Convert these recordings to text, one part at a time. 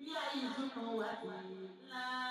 يعظكم وإلا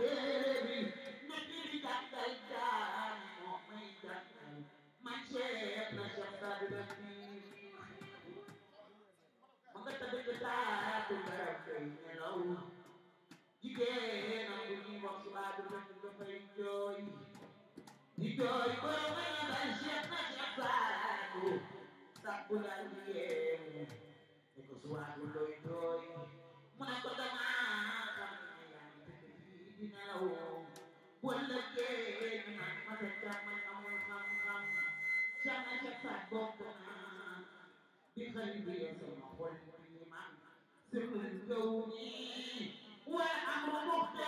Yeah. bokk naa bi xëy bi sama xol bi man sëñ bi gaw ñii wala am na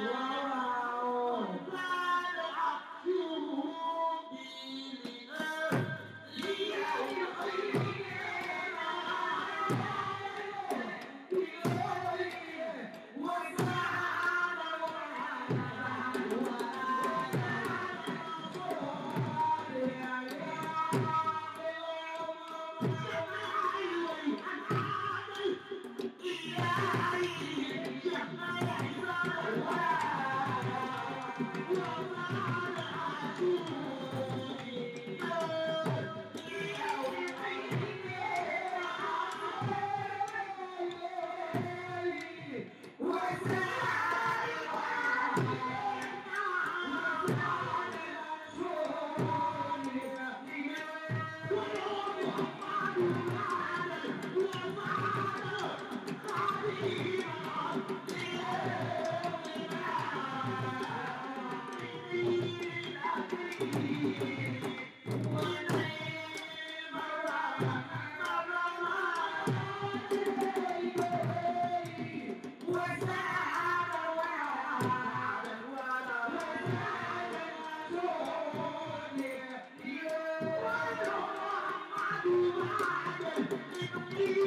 الله Thank you.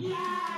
Yeah!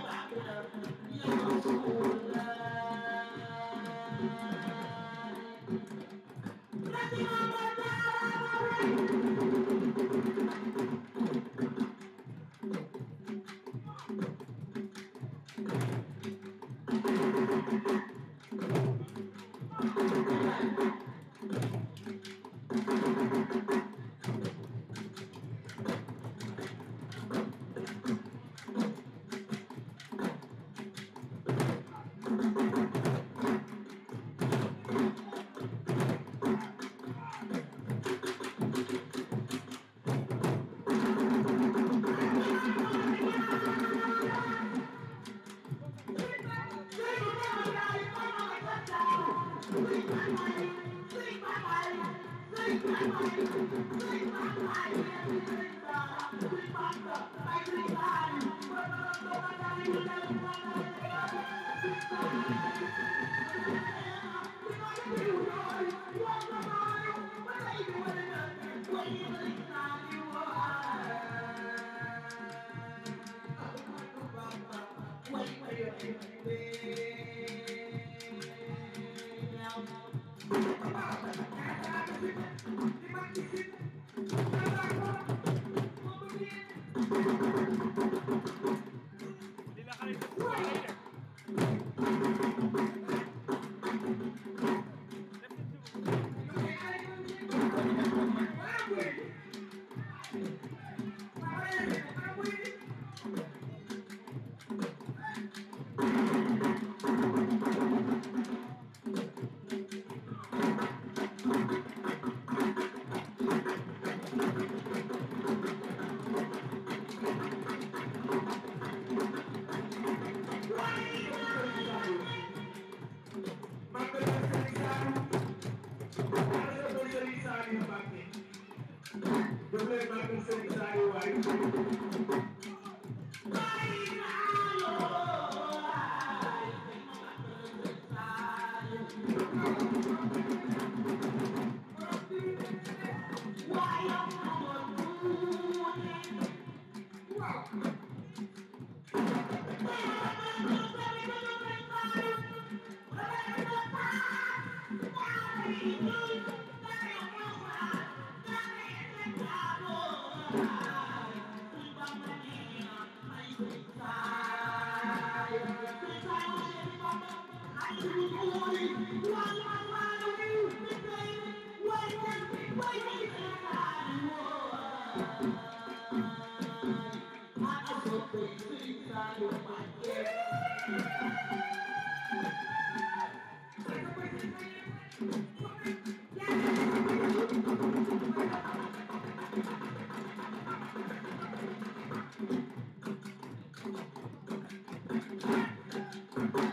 Thank you.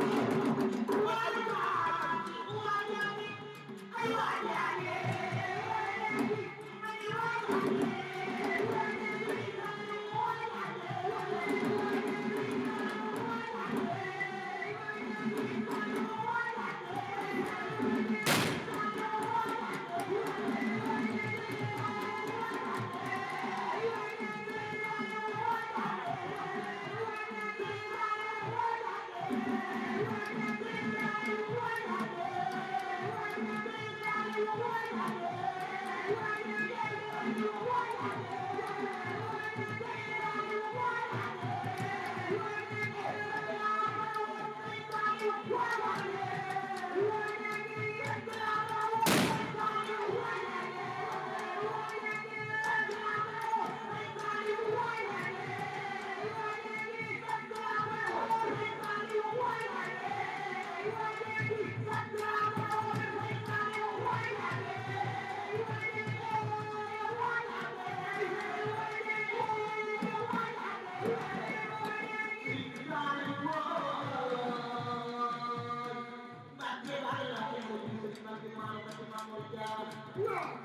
Thank you. Wow!